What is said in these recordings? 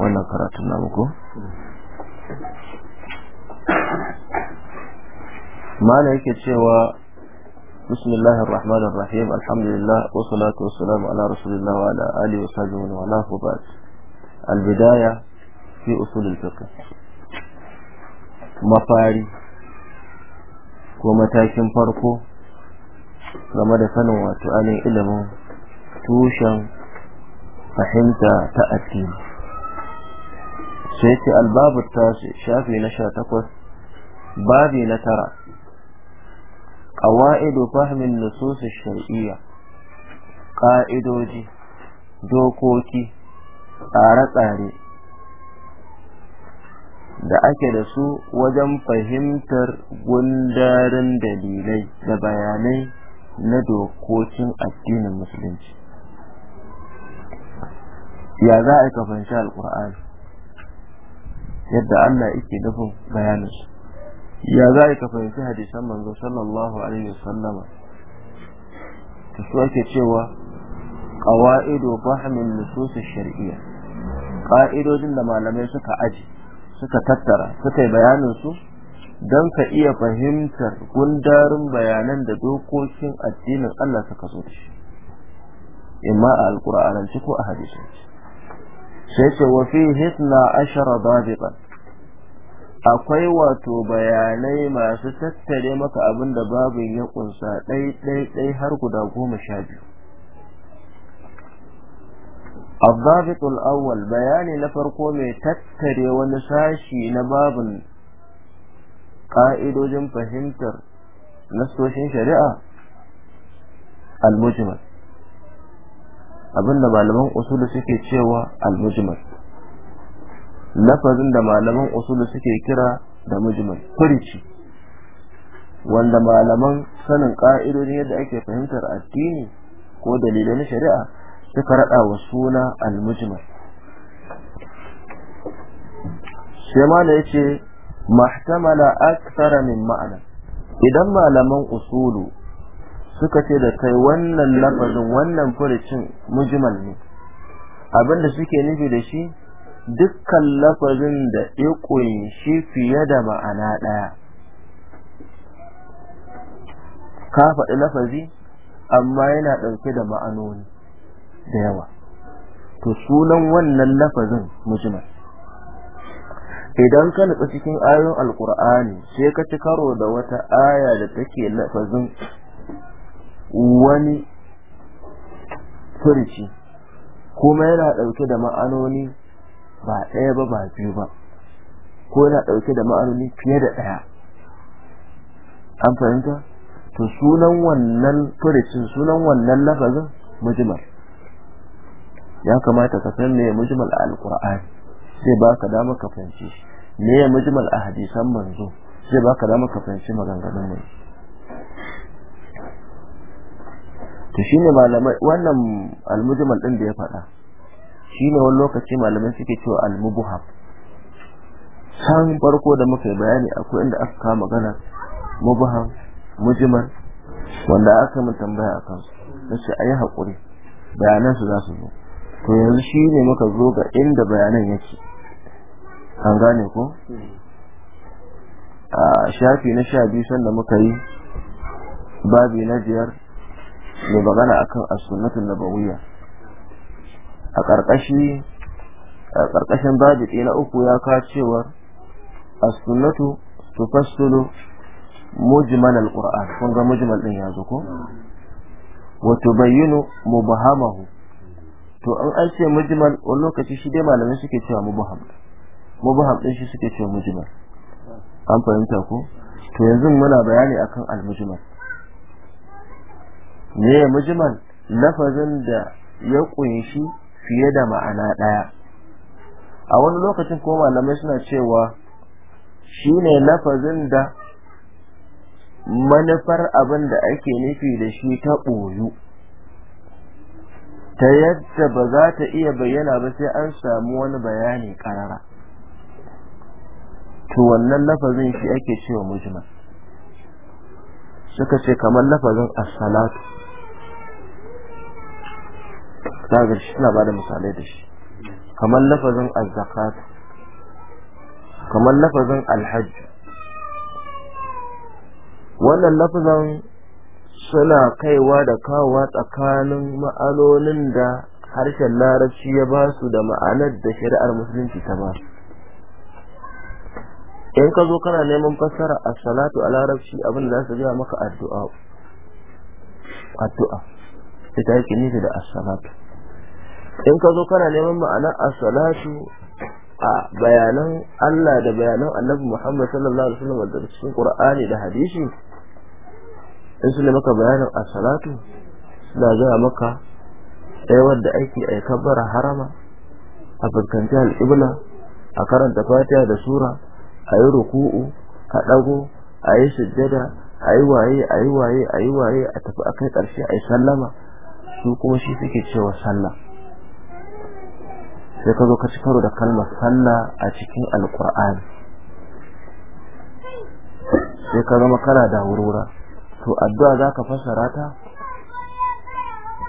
wannan karatun na muku mana yake cewa bismillahir rahmanir rahim alhamdulillah wa salatu wa salamu ala rasulillah wa ala alihi wa sahbihi wa ala hubat albidaya fi usul alfiqh mafari ko matakin farko game da sanin wato ainihin ilimin tushen fahimta ta addini sai ce albabu tasu shafi na sha takwas babi na tara ƙawa'idu fahmin nususu shari'iyya ƙa'idoji dokoki tsare-tsare da ake da su wajen fahimtar gundarin dalilai da bayanai na dokokin addinin musulunci ya za a yi kafin shi alƙur'ani yadda Allah yake nufin bayaninsu ya za a yi kafin shi hadisan manzo sallallahu alaihi wasallama ta su ake cewa ƙawa'ido fahimin nususi shari'iyya ƙa'idojin da malamai suka aji suka tattara suka yi bayaninsu don ka iya fahimtar gundarin bayanan da dokokin addinin Allah suka zo da shi imma a alƙur'anance ko a hadisance sai ce wa fi hitna ashara dabiqa akwai wato bayanai masu tattare maka abin da babin ya kunsa ɗai ɗai ɗai har guda goma sha biyu الضابط الأول بيان نفرقو مي تتري ونساشي نباب قائد جن فهمتر نسوشين شريعة المجمل abinda malaman usulu suke cewa al-mujmal lafazin da malaman usulu suke kira da mujmal furici wanda malaman sanin ka'idodi yadda ake fahimtar addini ko dalilan shari'a suka rada wa suna al-mujmal sai ma da yace mahtamala akthara min ma'ana idan malaman usulu suka ce da kai wannan lafazin wannan furicin mujimal ne abinda suke nufi da shi dukkan lafazin da ya shi fiye da ma'ana ɗaya ka faɗi lafazi amma yana ɗauke da ma'anoni da yawa to sunan wannan lafazin mujimal idan ka nutsu cikin ayoyin alkur'ani sai ka ci karo da wata aya da take lafazin wani furici kuma yana ɗauke da ma'anoni ba ɗaya ba ba biyu ba ko yana ɗauke da ma'anoni fiye da ɗaya an fahimta to sunan wannan furicin sunan wannan lafazin mujmal ya kamata ka san me mujmal a alqur'ani sai baka dama ka fahimci me mujmal a hadisan manzo sai baka dama ka fahimci maganganun manzo to shine malamai wannan almujmal din da ya faɗa shine wani lokaci malamai suke cewa almubuha san farko da muka yi bayani akwai inda aka kawo magana mubham mujmal wanda aka mun tambaya akan su sai ayi hakuri bayanan su za su zo to yanzu shi ne muka zo ga inda bayanan yake an gane ko a shafi na sha biyu sanda muka yi babi na biyar da magana akan as-sunnatul nabawiyya a karkashi a karkashin babi na uku ya ka cewa as su tufassilu mujmal al-qur'an kun ga mujmal din yazo ko wa mu bahamahu to an an ce mujmal wani lokaci shi dai malamai suke cewa mu mubham din shi suke cewa mujmal an fahimta ko to yanzu muna bayani akan al-mujmal ne mujmal lafazin da ya kunshi fiye da ma'ana daya a wani lokacin ko malamai suna cewa shine lafazin da manufar abin da ake nufi da shi ta boyu ta yadda ba za ta iya bayyana ba sai an samu wani bayani karara to wannan lafazin shi ake cewa mujmal suka ce kamar lafazin as-salatu kaga shi suna bada misalai da shi kamar lafazin az-zakat kamar lafazin al wannan lafazan suna kaiwa da kawowa tsakanin ma'anonin da harshen larabci ya ba su da ma'anar da shari'ar musulunci ta ba in ka zo kana neman fassara a salatu a larabci abin da za su gaya maka addu'a addu'a ita yake nufi da as-salatu in ka zo kana neman ma'ana as-salatu a bayanan Allah da bayanan Annabi Muhammad sallallahu alaihi wasallam da cikin Qur'ani da hadisi in su maka bayanan as-salatu suna zuwa maka tsayawar da aiki a kabbara harama a fuskanci al'ibla a karanta fatiha da sura a yi ruku'u a ɗago a yi sujjada a yi waye a yi waye a yi waye a tafi a kai ƙarshe a yi sallama su kuma shi suke cewa sallah sai ka zo ka ci karo da kalmar sallah a cikin alkur'ani sai ka zama kana da wurwura to addu'a za ka fassara ta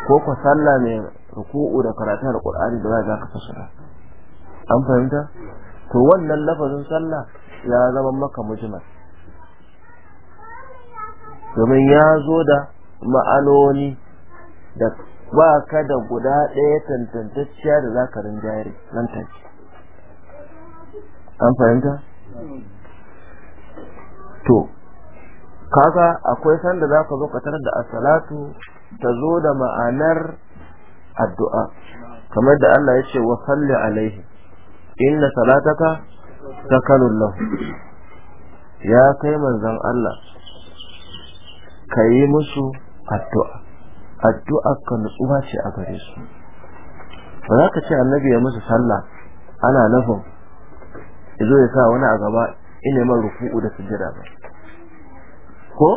ko ka sallah mai ruku'u da karatun alkur'ani da za ka fassara an fahimta to wannan lafazin sallah ya zama maka mujmal domin ya zo da ma'anoni da ba ka da guda ɗaya tantantacciya da za ka rinjayar nan take an fahimta to kaga akwai sanda za ka zo ka tarar da asalatu ta zo da ma'anar addu'a kamar da Allah ya ce wa salli alaihi inna salataka ta lahu ya kai manzon Allah ka yi musu addu'a addu'a ka nutsuwa ce a gare su ba za ka ce annabi ya musu sallah ana nufin izo ya sa wani a gaba ina man ruku'u da sujjada ba ko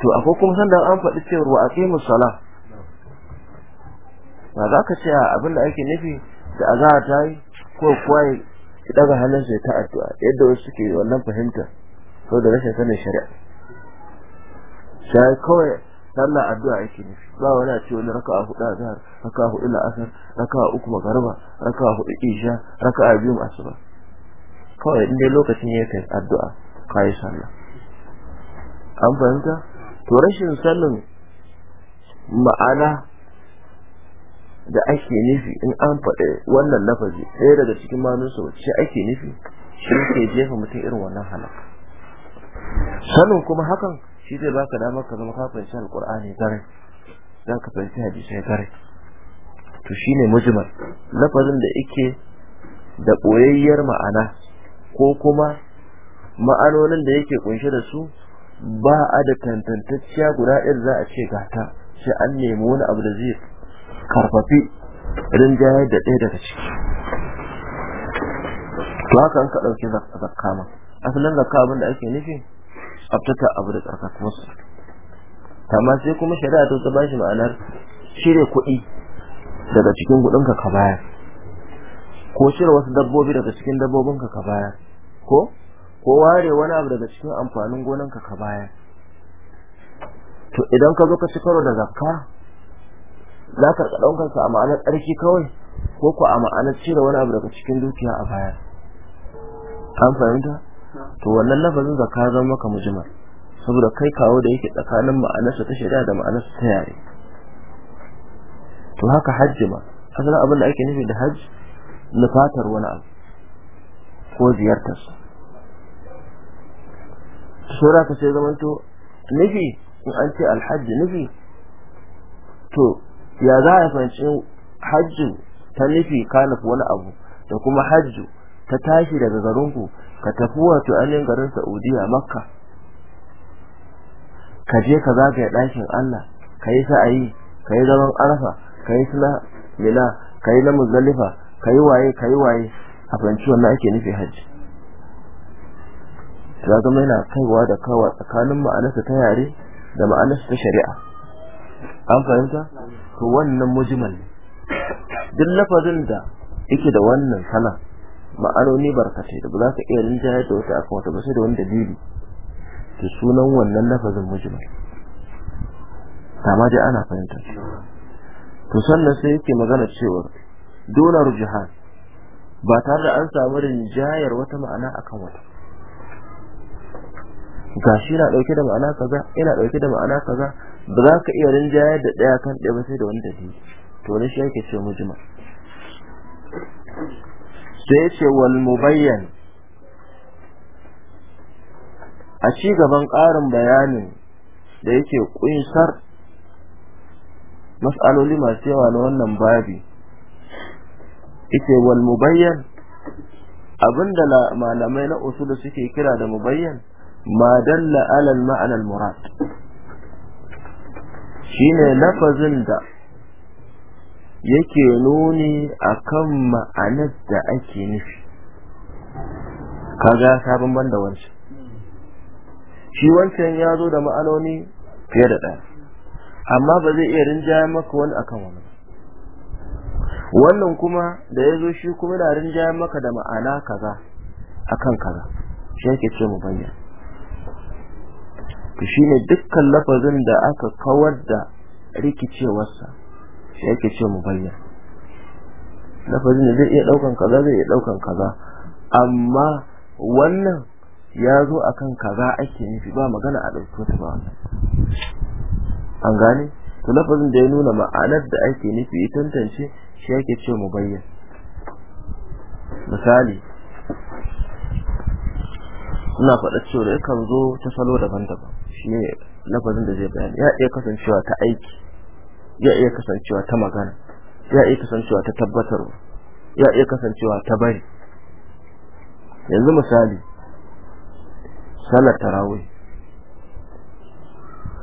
to akwai kuma sanda an faɗi cewa wa aqimu salah ba za ka ce abin da ake nufi da a za a tayi, ko kwaye ki daga sai ta addu'a yadda wasu suke wannan fahimta saboda rashin sanin shari'a sai kawai sallah addu'a yake ne ba wani a ce wani a hudu a zahar a hudu la'asar raka a uku magarba a hudu isha a biyu asuba kawai inda dai lokacin ya kai addu'a kayi sallah an fahimta to rashin sanin ma'ana da ake nufi in an faɗi wannan lafazi ɗaya daga cikin manusa wacce ake nufi shi ke jefa mutum irin wannan halaka sanin kuma hakan shi zai baka damar ka zama ka fahimci alqur'ani dare dan ka fahimci hadisi dare to shine mujmal lafazin da yake da boyayyar ma'ana ko kuma ma'anonin da yake kunshe da su ba a da tantantacciya guda ɗin za a ce gata sai an nemi wani abu da zai karfafi rinjayar da ɗaya daga ciki to haka an ka ɗauki a asalin zakka abin da ake nufi tsabtata abu da tsarkakuwarsa amma sai kuma shari'a ta ba shi ma'anar shirya kuɗi daga cikin gudunka ka bayar ko shirya wasu dabbobi daga cikin dabbobinka ka bayar ko ko ware wani abu daga cikin amfanin gonanka ka bayar to idan ka zo ka ci karo da zakka za ka ɗaukar sa a ma'anar ɗarki kawai ko ko a ma'anar cire wani abu daga cikin dukiya a baya an fahimta to wannan lafazin zaka zama maka mujmal saboda kai kawo da yake tsakanin ma'anarsa ta shari'a da ma'anarsa ta yare to haka hajji ma asalin abin da ake nufi da hajji nufatar wani abu ko ziyartarsa sura ka sai to nufi in an ce alhajji nufi to ya za a fahimci hajji ta nufi ka nufi wani abu da kuma hajji ta tashi daga garinku ka tafi wato alin garin Saudiya Makka ka je ka zagaya ɗakin Allah ka yi sa'ayi ka yi zaman arfa ka yi suna mina ka yi na muzalifa ka yi waye ka yi waye a fahimci wannan ake nufi hajji ya zama yana kaiwa da kawa tsakanin ma'anarsa ta yare da ma'anarsa ta shari'a an fahimta to wannan mujmal ne duk lafazin da yake da wannan sana ma'anoni barkatai da ba za ka iya rinjaya da wata akan wata ba sai da wani dalili da sunan wannan lafazin ta ma dai ana fahimta to sannan sai yake magana cewa donar jihar ba tare da an samu rinjayar wata ma'ana akan wata gashi na dauke da ma'ana kaza yana dauke da ma'ana kaza ba za ka iya rinjayar da daya kan daya ba sai da wani dalili to ne shi yake ce mujimai sai ya ce wal mubayyan a ci gaban ƙarin bayanin da yake ƙunsar mas'aloli masu yawa na wannan babi ita wal mubayyan abinda malamai na usulu suke kira da mubayyan ma dalla alal ma'anar murad shine lafazin da yake nuni a kan ma'anar da ake nufi kaga sabon banda wancan shi wancan ya zo da ma'anoni fiye da ɗaya amma ba zai iya rinjaya maka wani akan wani wannan kuma da ya zo shi kuma na rinjaya maka da ma'ana kaza akan kaza shi yake ce mu bayyana shi ne dukkan lafazin da aka kawar da rikicewarsa shi yake ce mu bayyana lafazin zai iya daukan kaza zai iya daukan kaza amma wannan ya zo akan kaza ake nufi ba magana a dauki ta ba an gane to na lafazin da ya nuna ma'anar da ake nufi ya tantance shi yake ce mu bayyana misali suna faɗa cewa kan zo ta salo daban-daban shi ne lafazin da zai bayani ya iya kasancewa ta aiki ya iya kasancewa ta magana ya iya kasancewa ta tabbatarwa ya iya kasancewa ta bari yanzu misali sallar tarawih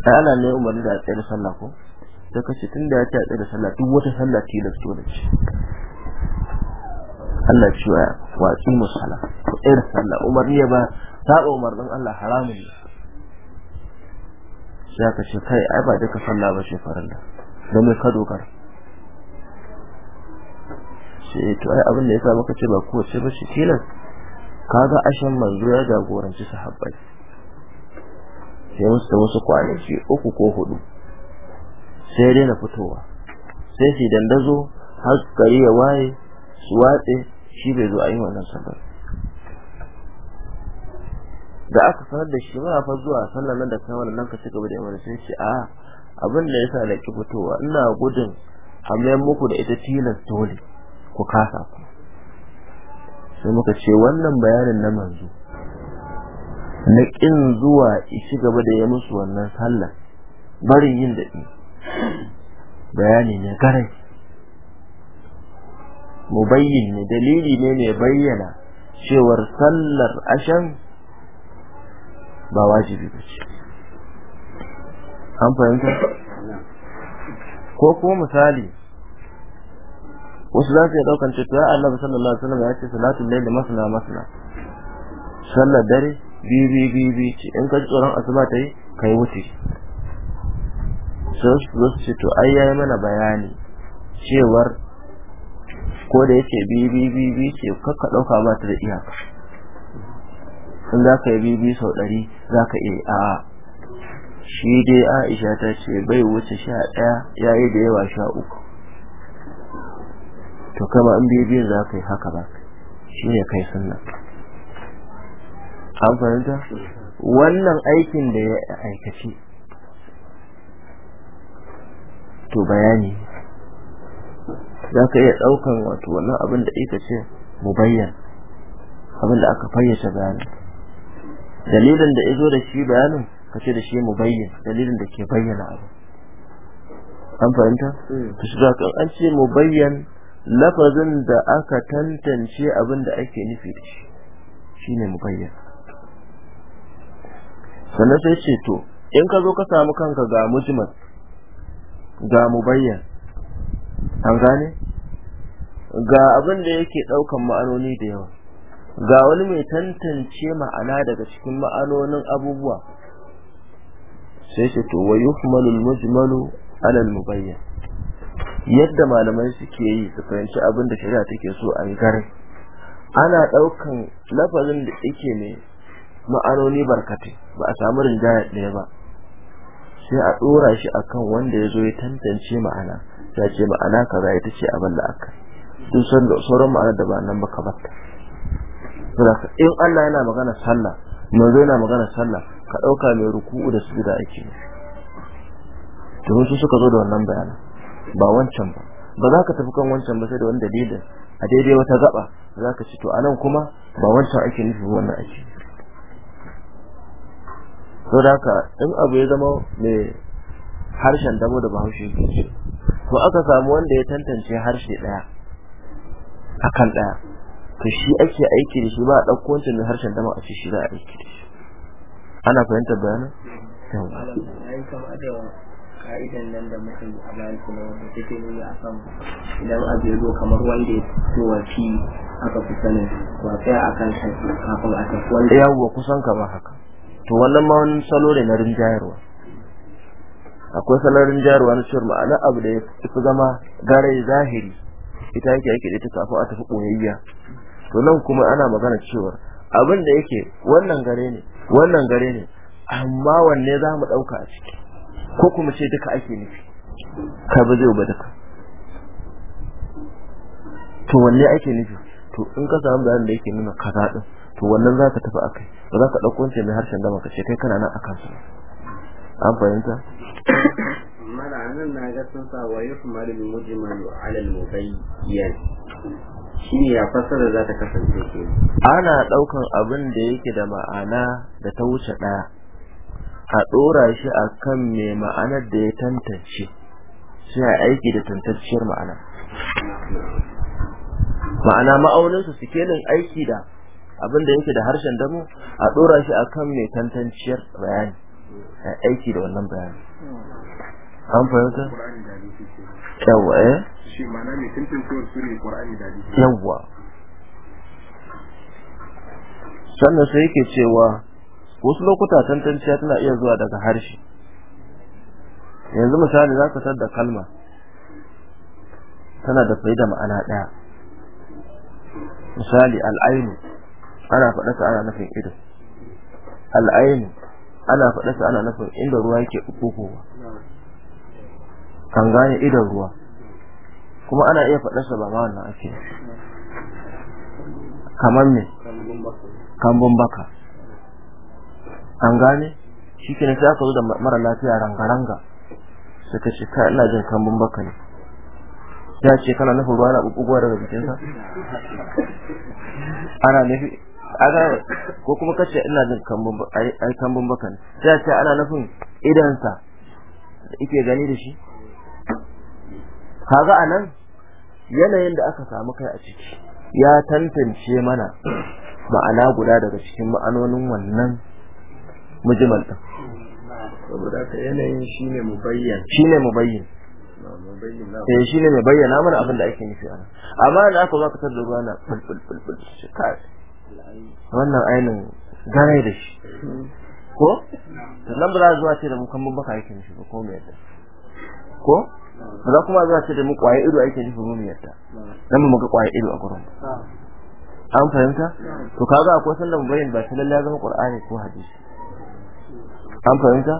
ai ana ne umarni da da sallah ko sai kace tunda ya ce a tsayar sallah duk wata sallah da su da ce Allah ya ce wa aqimu sallah ko da sallah umarni ya ba saba umarnin Allah haramun ne sai ka ce kai ai ba duka sallah ba ce farilla da mai ka dogara sai to ai abin da yasa muka ce ba kowace ba shi tilas kaga ashen manzo ya jagoranci sahabbai sai musu da wasu kwanaki uku ko hudu sai dai na fitowa sai shi dandazo har gari ya waye su watse shi bai zo a yi wannan sabar da aka sanar da shi ba fa zuwa sallar nan da kai wannan nan ka ci gaba da yawan sai ce a abin da yasa na ki fitowa ina gudun amma muku da ita tilas dole ku kasa ku sai muka ce wannan bayanin na manzo na kin zuwa ishi gaba da ya musu wannan sallah barin yin daɗi bayani ne garai mubayyin ne dalili ne mai bayyana cewar sallar ashan ba wajibi ba ce an fahimta ko kuma misali wasu za su iya daukan cikin ya Allah sallallahu alaihi wasallam ya ce salatul layl masana masana sallar dare bibi ce in ka tsoron asuba ta yi yi wuce sai su zo ce to ai yi mana bayani cewar ko da yake bibi bibi ce kakka dauka ba ta da iyaka in za ka yi bibi sau ɗari za ka iya a shi dai aisha ta ce bai wuce sha ɗaya ya yi da yawa sha uku to kama an biyu biyun za ka yi haka ba shi ne kai sunna an fahimta wannan aikin da ya aikace to bayani za ka iya ɗaukan wato wannan abin da ita ce mu bayyana abin da aka fayyace bayanin dalilin da ya zo da shi bayanin ka ce da shi mu bayyana dalilin da ke bayyana abu an fahimta to shi zaka an ce mu bayyan lafazin da aka tantance abin da ake nufi da shi shine mu bayyana sannan sai ce to in ka zo ka samu kanka ga mujmal ga mu bayyan an gane ga abin da yake daukan ma'anoni da yawa ga wani mai tantance ma'ana daga cikin ma'anonin abubuwa sai ce to wa yuhmalul mujmalu ala mubayyan yadda malamai suke yi su fahimci abin da shari'a take so a yi garin ana daukan lafazin da yake ne ma'anoni barkatai ba a samu rinjaya ɗaya ba sai a dora shi akan wanda ya zo ya tantance ma'ana ya ce ma'ana kaza ita ce abin da aka duk sauran ma'anar da ba nan ba ka batta in Allah yana magana sallah manzo yana magana sallah ka ɗauka mai ruku'u da su da ake to su suka zo da wannan bayanan ba wancan ba ba za ka tafi kan wancan ba sai da wani dalilin a daidai wata gaba za ka ci to nan kuma ba wancan ake nufi wannan ake so da ka in abu ya zama mai harshen damo da bahaushe ke ce to aka samu wanda ya tantance harshe daya akan daya to shi ake aiki da shi ba a ɗauko wancan mai harshen damo a ce shi za a aiki da shi ana fahimtar bayanin ka'idan nan da muka yi a bayan kuma wanda take nuna a kan idan abu ya zo kamar wanda ya fito wafi aka fi sanin ba tsaya a kan shi kafin a tafi wanda ya yawwa kusan kamar haka to wannan ma wani salo ne na rinjayarwa akwai salon rinjayarwa na cewar ma'ana abu da ya fi zama gare zahiri ita yake yake da ita kafin a tafi ɓoyayya to nan kuma ana magana cewar abin da yake wannan gare ne wannan gare ne amma wanne za mu ɗauka a ciki ko kuma ce duka ake nufi ka ba zai ba duka to wanne ake nufi to in ka samu bayanin da yake nuna kaza din to wannan za ka tafi akai ba za ka ɗauko wancan mai harshen dama ka ce kai kana nan akan su an fahimta mana nan na ga sun sa wa yuhmalu al mujimalu alal mubayyan shine ya fasara za ta kasance ke ana daukan abin da yake da ma'ana da ta wuce daya a dora shi akan me ma'anar da ya tantance sai aiki da tantacciyar ma'ana ma'ana ma'aunin su sikelin aiki da abin da yake da harshen damu a dora shi akan me tantanciyar bayani aiki da wannan bayani an fahimta yawwa eh shi ma'ana su Qur'ani da hadisi sannan sai yake cewa wasu lokuta tantanciya tana iya zuwa daga harshe yanzu misali za ka tar da kalma tana da da ma'ana ɗaya misali al'ainu ana faɗa ana nufin ido al'ainu ana faɗa ana nufin inda ruwa yake uku kan gane idon ruwa kuma ana iya faɗarsa ba ma wannan ake kamar ne kambun baka an gane shi ke sai aka zo da mara lafiya rangaranga suka ce ka ina jin kambun baka ne ya ce kana nufin ruwa na bubugowa daga jikinsa ana nufi aga ko kuma kace ina jin kambun ai kambun baka ne ya ce ana nufin idansa da ike gani da shi kaga anan yanayin da aka samu kai a ciki ya tantance mana ma'ana guda daga cikin ma'anonin wannan mujimal din saboda ka yanayin shine mu bayyana shine mubayyan eh shine mai bayyana mana abin da ake nufi ana amma da aka zaka tar da ruwana bulbul bulbul shi kai wannan ainin gane da shi ko sannan ba za zuwa ce da mun kan mun baka yake nufi ba ko me yadda ko ba za kuma za ce da mu kwaye ido ake nufin mumiyarta dan mu ga kwaye ido a gurin an fahimta to kaga akwai sallan bayin ba ta lalle zama qur'ani ko hadisi an fahimta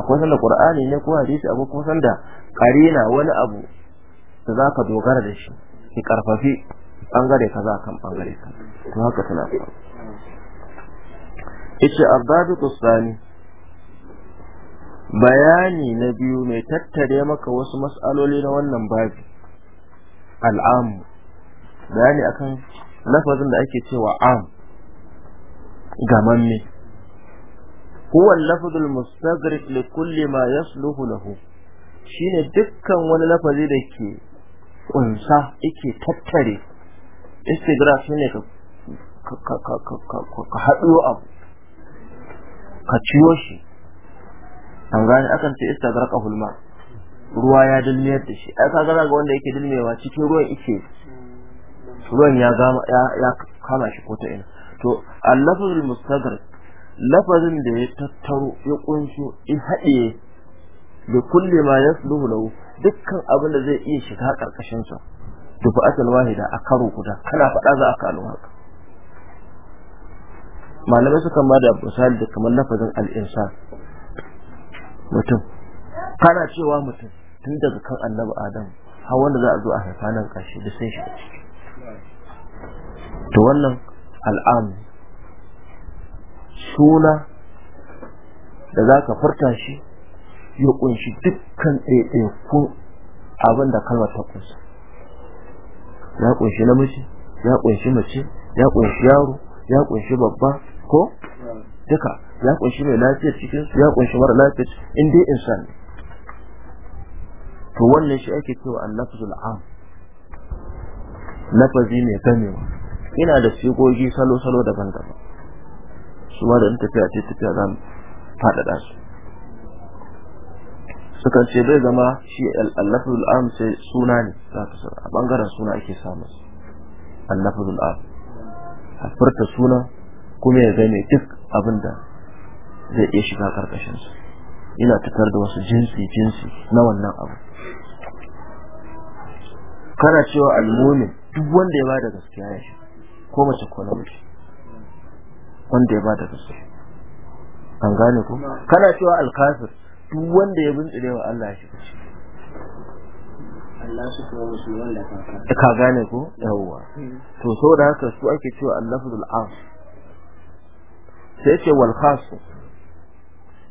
akwai sallan qur'ani ne ko hadisi akwai kuma sanda karina wani abu da za ka dogara da shi ki karfafi bangare kaza kan bangare ka to haka tana faru Ita abdadu tsani bayani na biyu mai tattare maka wasu mas'aloli na wannan babi al'am bayani akan lafazin da ake cewa am gamamme huwa al-lafzu al-mustadrik li kulli ma yasluhu lahu shine dukkan wani lafazi da ke kunsa yake tattare istigraf shine ka ka ka ka ka ka abu ka ka ka an gani akan ce istagraka hulma ruwa ya dilmiyar da shi ai kaga ga wanda yake dilmewa cikin ruwan yake ruwan ya gama ya kama shi ko ta ina to al-lafzul lafazin da ya tattaro ya kunshi in haɗe da kulle ma yasluhu lahu dukkan abin da zai iya shiga karkashin sa asal wahida a karo guda kana faɗa za a kalu haka malamai suka ma da misali da kamar lafazin al-insan mutum kana cewa mutum tun daga kan annabi adam har wanda za a zo a haifa nan kashi da sai shi a to wannan al'am suna da za ka furta shi ya kunshi dukkan ɗaiɗaikun abin da kalmar ta kunsa ya kunshi namiji ya kunshi mace ya kunshi yaro ya kunshi babba ko duka ya kunshi mai lafiyar cikin su ya kunshi mara lafiyar in dai insan to wannan shi ake cewa annafzul am lafazi mai gamewa ina da sigogi salo salo daban-daban su ma da in tafiya ce tafiya za mu faɗaɗa su suka ce bai zama shi allafazul am sai suna ne za ka sa a bangaren suna ake samun su allafazul am a furta suna kuma ya zame duk abin da zai iya shiga karkashin su ina fitar da wasu jinsi jinsi na wannan abu kana cewa almomin duk wanda ya bada gaskiya ya shi ko mace ko namiji wanda ya bada gaskiya an gane ku kana cewa alkafir duk wanda ya bintsire wa Allah ya shiga shi Allah su kuma ka gane ku yawwa to saboda haka su ake cewa al-lafzul am sai ce wal khas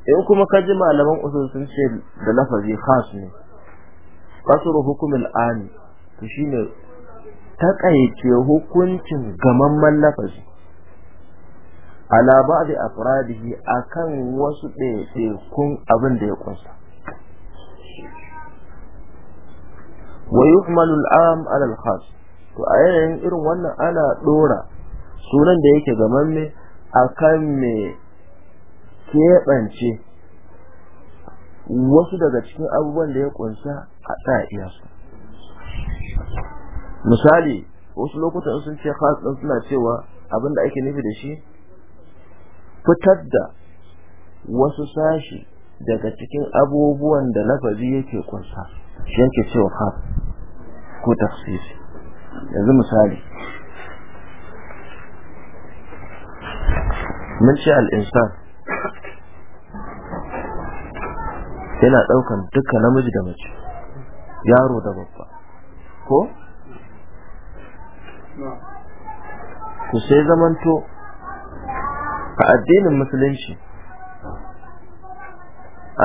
in kuma ka ji malaman usul sun ce da lafazi khas ne kasuru hukumul ani to shine takaice hukuncin gamamman lafazi ala ba'di afradihi akan wasu kun abin da ya kunsa wa yuhmalu al'am ala al-khas to a yanayin irin wannan ana dora sunan da yake gamamme akan me keɓance wasu daga cikin abubuwan da ya kunsa a tsaya su misali wasu lokutan sun ce khas suna cewa abinda ake nufi da shi fitar da wasu sashi daga cikin abubuwan da lafazi yake kunsa shi yake cewa khas ko tafsiri yanzu misali mun ce al yana daukan duka namiji da mace yaro da babba ko ku sai zamanto a addinin musulunci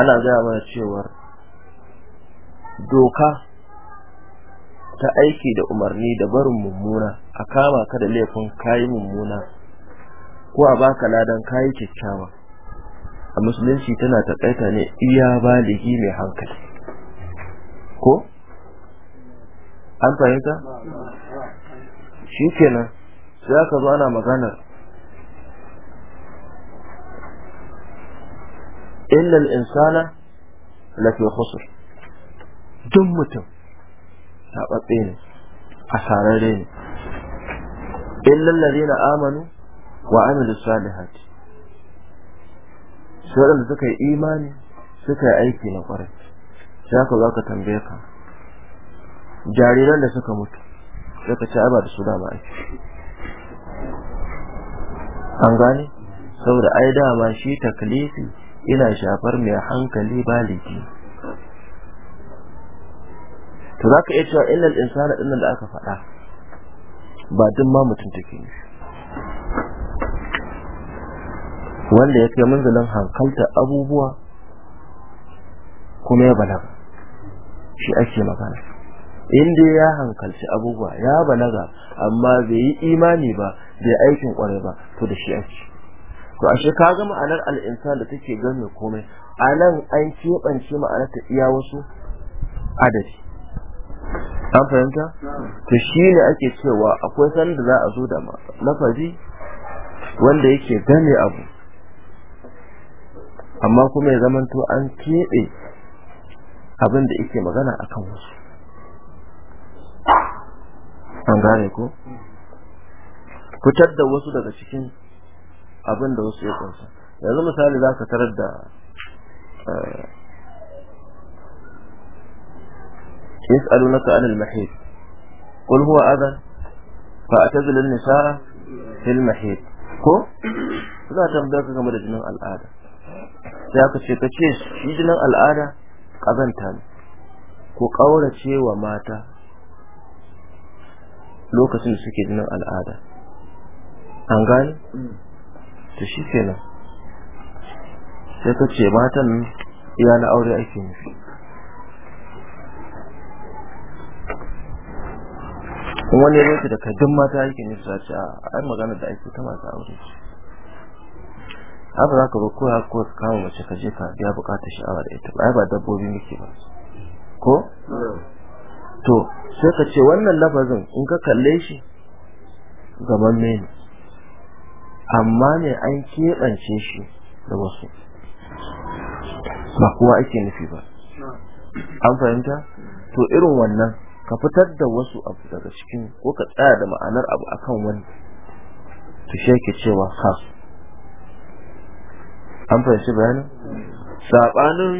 ana gaya mana cewar doka ta aiki da umarni da barin mummuna a kama ka da laifin kayi mummuna ko a baka ladan kayi kyakkyawa a musulunci tana taƙaita ne iya yi mai hankali ko an fahimta shi kenan sai aka zo ana maganar illal insana lafi khusr duk mutum taɓaɓɓe ne asararre ne illal ladina amanu wa amilu salihati sai waɗanda suka yi imani suka yi aiki na ƙwarai shi haka za ka tambaye ka jariran da suka mutu sai ci aba da su dama aiki. an gane saboda ai dama shi taklifi ina shafar mai hankali baliki to za ka iya cewa illal insana ɗin da aka faɗa ba duk ma mutum take ne wanda ya kai manzalin hankalta abubuwa kuma ya balaga shi ake magana inda ya hankalci abubuwa ya balaga amma bai yi imani ba bai aikin kwarai ba to da shi ake to ashe ka ga ma'anar al'insan da take game komai a nan an keɓance ma'anar ta iya wasu adadi an fahimta to shi ne ake cewa akwai sanda za a zo da lafazi wanda yake gane abu amma kuma ya zamanto an keɓe abin da yake magana akan wasu an gane ko Ku da wasu daga cikin abin da wasu ya kunsa yanzu misali za ka tarar da eh, yas'alunaka anil mahid qul huwa adhan fa atazilun nisaa fil mahid ko za ta tambaya ka game da jinin al'ada sai aka ce ka shi jinin al'ada kazanta ne ku ƙaurace wa mata lokacin da suke jinin al'ada an gani ta shi kenan sai ka ce matan iya na aure ake nufi wani ya da kajin mata ake nufi sace a magana da ake ta masu aure haka za ka ko ya su kawo mace ka je ka biya bukatar sha'awa da ita ba ba dabbobi muke ba ko to sai ka ce wannan lafazin in ka kalle shi gaban mene amma ne an keɓance shi da wasu ba kowa ake nufi ba an fahimta to irin wannan ka fitar da wasu abu daga cikin ko ka tsaya da ma'anar abu akan wani to shi ke cewa kasu an fahimci bayanin saɓanin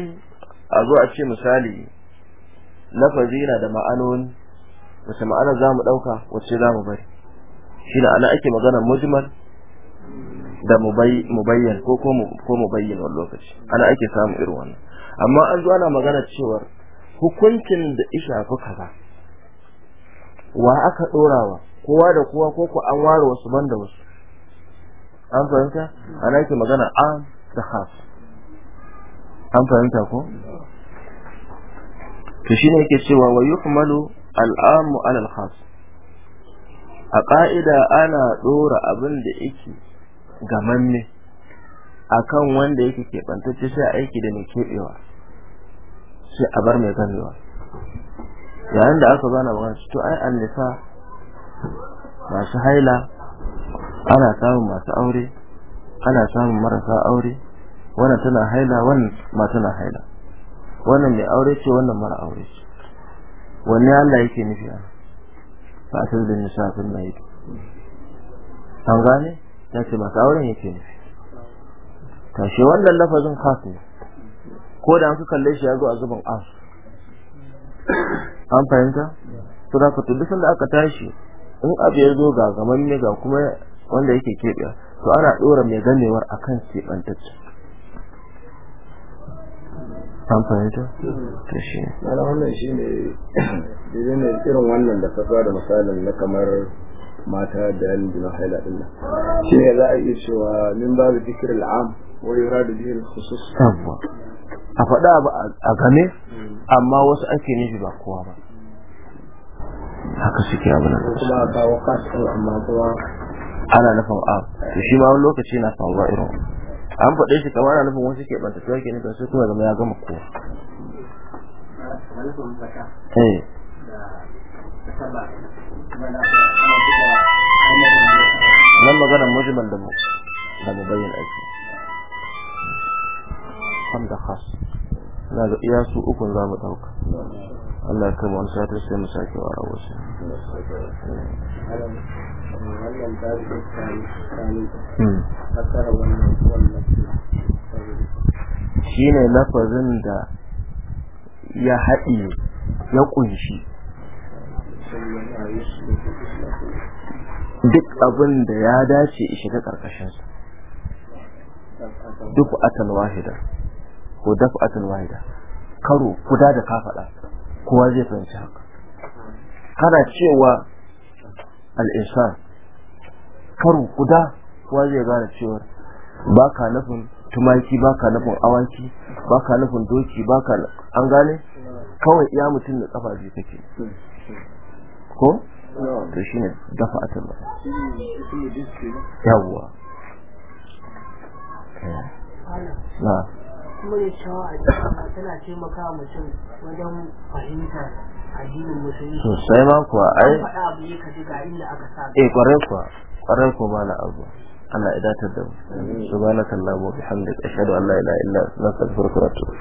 a zo a ce misali na fazila da ma'anoni wace ma'ana za mu ɗauka wace za mu bari shi da ana ake magana mujmal da mubayyan ko ko mubayyan wani lokaci ana ake samun irin wannan amma an zo ana magana cewar hukuncin da isha fi kaza wa aka ɗorawa kowa da kowa ko ku an ware wasu banda wasu an fahimta ana ake magana an sakhaf an fahimta ko to shine cewa wa al'amu ala khas a ƙa'ida ana ɗora abin da yake gamanne akan wanda yake keɓantacce sai aiki da mai keɓewa sai a bar mai ganewa yayin da aka zana magana to ai an nisa masu haila ana samun masu aure ana samun marasa aure wannan tana haila wannan ma tana haila wannan mai aure ce wannan mara aure ce wanne Allah yake nufi a ba ta da nisa sun na yi an gane ya ce masu auren yake nufi shi wannan lafazin kafin ko da an ka kalle shi ya zo a zuban as an fahimta su da ka da aka tashi in abu ya zo ga gaman ne ga kuma wanda yake keɓe to ana dora mai ganewar akan keɓantacce an fahimta to shi ne wannan shi ne ne irin wannan da fasa da misalin na kamar mata da yan jina haila dinna shi ne za a yi cewa min babu zikir al'am wani yuradu da jihar khusus a faɗa a game amma wasu ake nufi ba kowa ba haka suke abu da kuma kawo kasu amma kuma ana nufin a to shi ma wani lokaci na faruwa irin an faɗe shi kamar ana nufin wasu ke ɓanta tuwa ke nufin su kuma zama ya gama kowa. Eh. nan magana mujmal da mu da mu bayyana aiki kan da khas na ga iya su ukun za mu ɗauka Allah ya kama wani satar sai mu sake wa wasu. Eh. wannan babu wannan shine lafazin da ya haɗe ya ƙunshi. duk abin da ya dace shiga ƙarƙashinsa duk atal wahida ko atal wahida karo kuda da kafaɗa kowa zai fahimci haka kana cewa al karu guda kuwa zai gane cewa ba ka nufin tumaki ba ka nufin awaki ba ka nufin doki ba ka an gane kawai iya mutum da kafa zai kake ko to ne dafa atal ba yawwa na kuma ya shawa a tana taimaka mutum wajen fahimtar addinin musulunci sosai ma kuwa ai faɗa abu ne kaji ga inda aka sa eh kwarai kuwa ƙwarar ko ba na abu Allah ya datar da mu subhanakallahumma wa bihamdika ashhadu an la ilaha illa anta astaghfiruka wa atubu